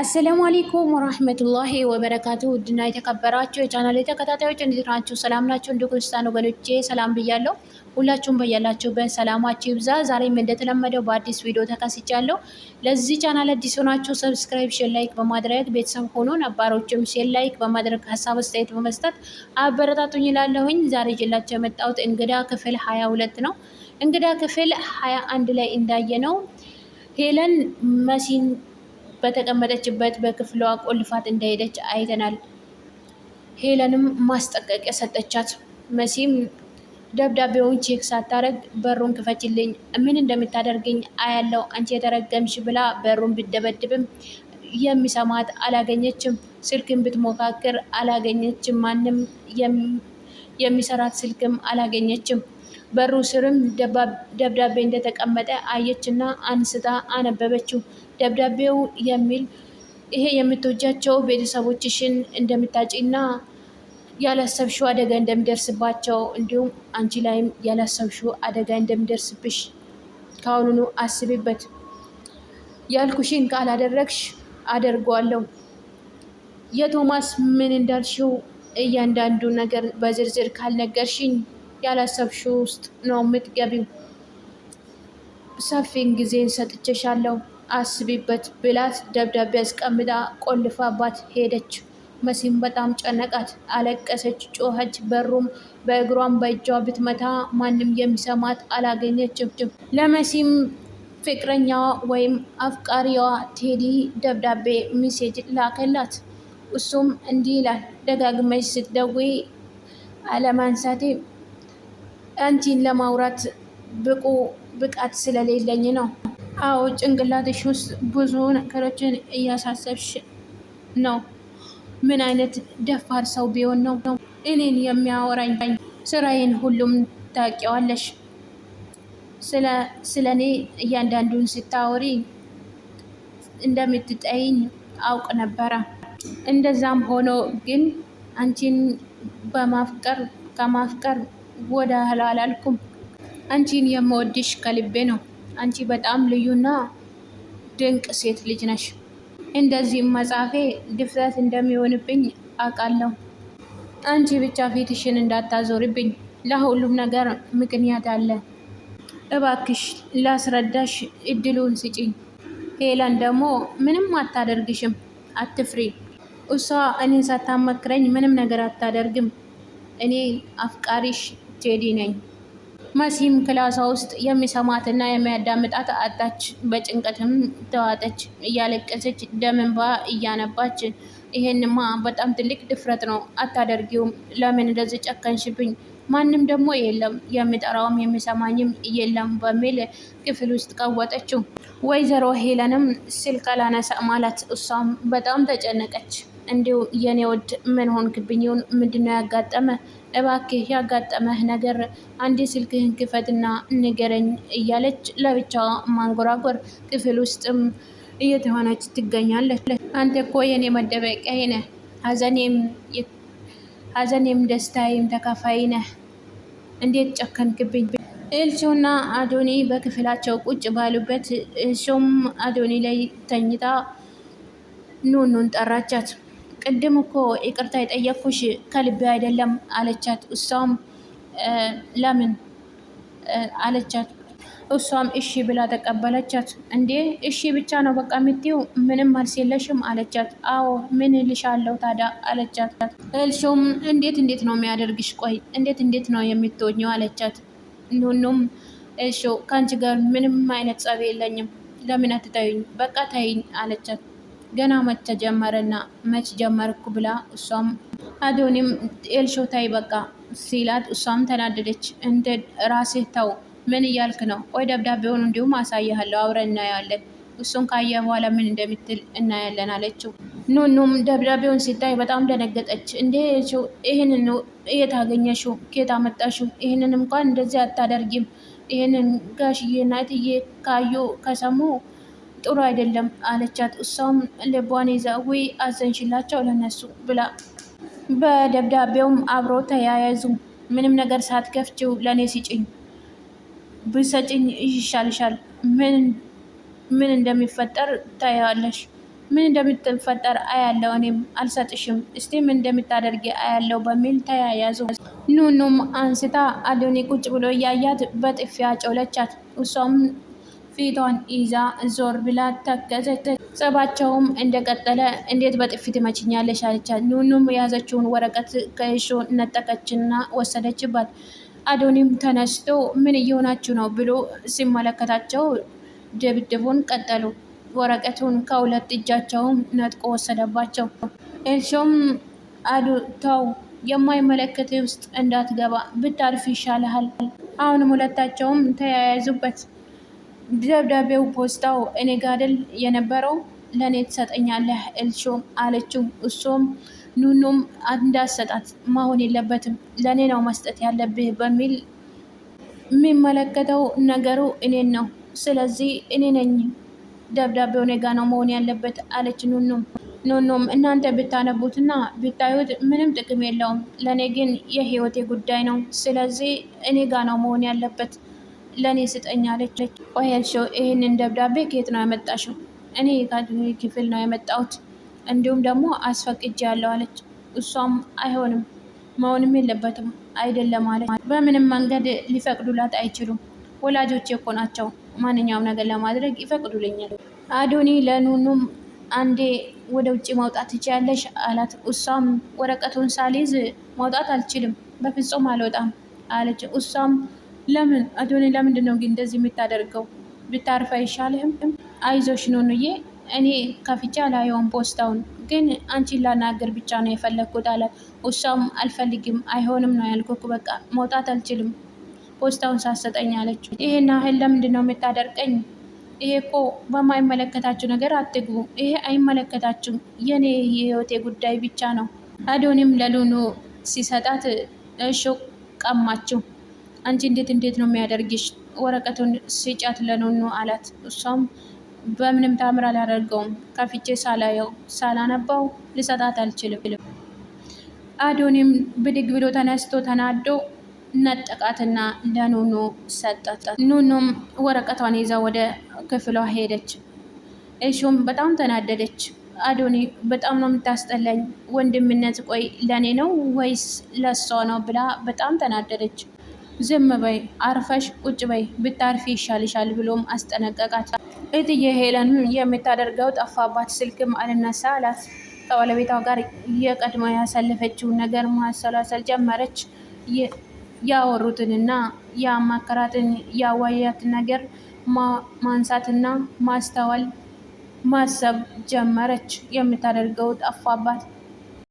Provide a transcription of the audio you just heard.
አሰላሙ አሌይኩም ወራህመቱላሂ ወበረካቱ። ውድና የተከበራችሁ የቻናል ተከታታዮች እንዴት ናችሁ? ሰላም ናችሁ? እንዲሁ ክርስቲያን ወገኖቼ ሰላም ብያለሁ። ሁላችሁም በያላችሁበት ሰላማችሁ ይብዛ። ዛሬም እንደተለመደው በአዲስ ቪዲዮ ተከስቻለሁ። ለዚህ ቻናል አዲስ ሆናችሁ ሰብስክራይብ፣ ሼር፣ ላይክ በማድረግ ቤተሰብ ሆኖ ነባሮችም ሼር፣ ላይክ በማድረግ ሀሳብ አስተያየት በመስጠት አበረታቱኝ እላለሁኝ። ዛሬ ይዤላችሁ የመጣሁት እንግዳ ክፍል ሀያ ሁለት ነው። እንግዳ ክፍል ሀያ አንድ ላይ እንዳየ ነው ሄለን መሲን በተቀመጠችበት በክፍሏ ቆልፋት እንደሄደች አይተናል። ሄለንም ማስጠንቀቂያ ሰጠቻት። መሲም ደብዳቤውን ቼክ ሳታደርግ በሩን ክፈችልኝ፣ ምን እንደምታደርግኝ አያለው፣ አንቺ የተረገምሽ ብላ በሩን ብደበድብም የሚሰማት አላገኘችም። ስልክን ብትሞካክር አላገኘችም። ማንም የሚሰራት ስልክም አላገኘችም። በሩ ስርም ደብዳቤ እንደተቀመጠ አየችና አንስታ አነበበችው። ደብዳቤው የሚል ይሄ የምትወጃቸው ቤተሰቦችሽን እንደምታጪና ያላሰብሽው አደጋ እንደሚደርስባቸው እንዲሁም አንቺ ላይም ያላሰብሽው አደጋ እንደሚደርስብሽ ከአሁኑኑ አስቢበት። ያልኩሽን ካላደረግሽ አደርገዋለሁ። የቶማስ ምን እንዳልሽው እያንዳንዱ ነገር በዝርዝር ካልነገርሽኝ ያላሰብሽው ውስጥ ነው የምትገቢው። ሰፊን ጊዜን ሰጥቼሻለሁ አስቢበት ብላት ደብዳቤ አስቀምጣ ቆልፋባት ሄደች። መሲም በጣም ጨነቃት፣ አለቀሰች፣ ጮኸች። በሩም በእግሯም በእጇ ብትመታ ማንም የሚሰማት አላገኘችም። ለመሲም ፍቅረኛዋ ወይም አፍቃሪዋ ቴዲ ደብዳቤ ሚሴጅ ላከላት። እሱም እንዲህ ይላል፦ ደጋግመሽ ስትደውይ አለማንሳቴ አንቺን ለማውራት ብቁ ብቃት ስለሌለኝ ነው። አዎ ጭንቅላትሽ ውስጥ ብዙ ነገሮችን እያሳሰብሽ ነው። ምን አይነት ደፋር ሰው ቢሆን ነው እኔን የሚያወራኝ? ስራዬን ሁሉም ታውቂዋለሽ። ስለ እኔ እያንዳንዱን ስታወሪ እንደምትጠይኝ አውቅ ነበረ። እንደዛም ሆኖ ግን አንቺን በማፍቀር ከማፍቀር ወደ ኋላ አላልኩም። አንቺን የምወድሽ ከልቤ ነው። አንቺ በጣም ልዩና ድንቅ ሴት ልጅ ነሽ። እንደዚህም መጻፌ ድፍረት እንደሚሆንብኝ አውቃለሁ። አንቺ ብቻ ፊትሽን እንዳታዞርብኝ። ለሁሉም ነገር ምክንያት አለ። እባክሽ ላስረዳሽ እድሉን ስጪኝ። ሄለን ደግሞ ምንም አታደርግሽም፣ አትፍሪ። እሷ እኔን ሳታመክረኝ ምንም ነገር አታደርግም። እኔ አፍቃሪሽ ቴዲ ነኝ። መሲም ክላሷ ውስጥ የሚሰማትና የሚያዳምጣት አጣች። በጭንቀትም ተዋጠች። እያለቀሰች ደም እንባ እያነባች ይሄንማ በጣም ትልቅ ድፍረት ነው፣ አታደርጊውም። ለምን እንደዚህ ጨከንሽብኝ? ማንም ደግሞ የለም የሚጠራውም የሚሰማኝም የለም በሚል ክፍል ውስጥ ቀወጠችው። ወይዘሮ ሄለንም ስልክ ማለት እሷም በጣም ተጨነቀች። እንዲሁ የኔ ውድ ምን ሆንክብኝ ይሁን? ምንድነው ያጋጠመ? እባክህ ያጋጠመህ ነገር አንድ ስልክህን ክፈትና ንገረኝ እያለች ለብቻ ማንጎራጎር ክፍል ውስጥም እየተሆነች ትገኛለች። አንተ እኮ የኔ መደበቂያ ነህ፣ ሀዘኔም ደስታዬም ተካፋይ ነህ። እንዴት ጨከንክብኝ? እልሹና አዶኒ በክፍላቸው ቁጭ ባሉበት እሹም አዶኒ ላይ ተኝታ ኑኑን ጠራቻት። ቅድም እኮ ይቅርታ የጠየኩሽ ከልቤ አይደለም አለቻት። እሷም ለምን አለቻት። እሷም እሺ ብላ ተቀበለቻት። እንዴ እሺ ብቻ ነው በቃ የምትይው? ምንም አልስ የለሽም አለቻት። አዎ ምን ልሻለው ታዲያ አለቻት። እልሹም እንዴት እንዴት ነው የሚያደርግሽ? ቆይ እንዴት እንዴት ነው የምትሆኘው? አለቻት። ሁኑም እልሹ ከአንቺ ጋር ምንም አይነት ጸብ የለኝም። ለምን አትታዩኝ? በቃ ታይኝ አለቻት። ገና መች ጀመረና መች ጀመርኩ ብላ እሷም አዶኒም ኤልሾታይ በቃ ሲላት እሷም ተናደደች። እንደ ራሴ ተው፣ ምን እያልክ ነው? ቆይ ደብዳቤውን እንዲሁም አሳያለሁ አብረን እናያለን። እሱን ካየ በኋላ ምን እንደምትል እናያለን አለችው። ኑኑም ደብዳቤውን ሲታይ በጣም ደነገጠች። እንዴ ይህንን እየታገኘሹ አገኘሽው? ኬት አመጣሽው? ይህንን እንኳን እንደዚህ አታደርጊም። ይህንን ጋሽዬና እትዬ ካዩ ከሰሙ ጥሩ አይደለም አለቻት። እሷም ልቧን ይዛ ውይ አዘንሽላቸው ለነሱ ብላ በደብዳቤውም አብሮ ተያያዙ። ምንም ነገር ሳትከፍችው ለእኔ ሲጭኝ ብሰጭኝ ይሻልሻል። ምን እንደሚፈጠር ታያለሽ። ምን እንደሚፈጠር አያለው። እኔም አልሰጥሽም፣ እስቲ ምን እንደምታደርጊ አያለው በሚል ተያያዙ። ኑኑም አንስታ አዶኒ ቁጭ ብሎ እያያት በጥፊያ ጮለቻት። እሷም ፊቷን ይዛ ዞር ብላ ተከዘተች። ጸባቸውም እንደቀጠለ እንዴት በጥፊ ትመችኛለሽ አለቻት። ኑኑም የያዘችውን ወረቀት ከእሾ ነጠቀችና ወሰደችባት። አዶኒም ተነስቶ ምን እየሆናችሁ ነው ብሎ ሲመለከታቸው ድብድቡን ቀጠሉ። ወረቀቱን ከሁለት እጃቸውም ነጥቆ ወሰደባቸው። ኤልሾም አዱ ተው የማይመለከት ውስጥ እንዳትገባ ብታርፍ ይሻልሃል። አሁንም ሁለታቸውም ተያያዙበት። ደብዳቤው ፖስታው እኔ ጋደል የነበረው ለእኔ ትሰጠኛለህ እልሾም አለችው። እሱም ኑኑም እንዳሰጣት መሆን የለበትም ለእኔ ነው መስጠት ያለብህ በሚል የሚመለከተው ነገሩ እኔን ነው። ስለዚህ እኔ ነኝ ደብዳቤው እኔ ጋ ነው መሆን ያለበት አለች ኑኑም ኑኑም እናንተ ብታነቡትና ብታዩት ምንም ጥቅም የለውም። ለእኔ ግን የህይወቴ ጉዳይ ነው። ስለዚህ እኔ ጋ ነው መሆን ያለበት ለእኔ ስጠኝ አለች። ቆይ አልሽው፣ ይህንን ደብዳቤ ከየት ነው ያመጣሽው? እኔ የካድሬ ክፍል ነው የመጣሁት፣ እንዲሁም ደግሞ አስፈቅጅ ያለው አለች። እሷም አይሆንም፣ መሆንም የለበትም አይደለም አለች። በምንም መንገድ ሊፈቅዱላት አይችሉም። ወላጆች እኮ ናቸው ማንኛውም ነገር ለማድረግ ይፈቅዱልኛል። አዶኒ ለኑኑም አንዴ ወደ ውጭ ማውጣት ትችያለሽ አላት። እሷም ወረቀቱን ሳልይዝ ማውጣት አልችልም፣ በፍጹም አልወጣም አለች። እሷም ለምን አዶኔ ለምንድን ነው ግን እንደዚህ የምታደርገው? ብታርፍ አይሻልህም? አይዞሽ ኑኑዬ እኔ ከፍቼ አላየውም ፖስታውን፣ ግን አንቺን ላናገር ብቻ ነው የፈለግኩት አላት። እሷም አልፈልግም፣ አይሆንም ነው ያልኩት፣ በቃ መውጣት አልችልም ፖስታውን ሳሰጠኝ አለችው። ይሄና ህል ለምንድን ነው የምታደርቀኝ? ይሄ እኮ በማይመለከታችሁ ነገር አትግቡ። ይሄ አይመለከታችሁም፣ የኔ የህይወቴ ጉዳይ ብቻ ነው። አዶኒም ለሉኑ ሲሰጣት እሹ ቀማችው። አንቺ እንዴት እንዴት ነው የሚያደርግሽ? ወረቀቱን ስጫት ለኖኖ አላት። እሷም በምንም ታምር አላደርገውም ከፍቼ ሳላየው ሳላነባው ልሰጣት አልችልም። አዶኒም ብድግ ብሎ ተነስቶ ተናዶ ነጠቃትና ለኖኖ ሰጠት። ኖኖም ወረቀቷን ይዛ ወደ ክፍሏ ሄደች። እሹም በጣም ተናደደች። አዶኒ በጣም ነው የምታስጠላኝ። ወንድምነት ቆይ ለእኔ ነው ወይስ ለሷ ነው ብላ በጣም ተናደደች። ዝም በይ አርፈሽ ቁጭ በይ ብታርፊ ይሻልሻል ብሎም አስጠነቀቃት። እትዬ ሄለን የምታደርገው ጠፋባት። ስልክም አልነሳ አላት። ከባለቤቷ ጋር የቀድሞ ያሳለፈችውን ነገር ማሰላሰል ጀመረች። ያወሩትንና ያማከራትን ያዋያትን ነገር ማንሳትና ማስተዋል ማሰብ ጀመረች። የምታደርገው ጠፋባት።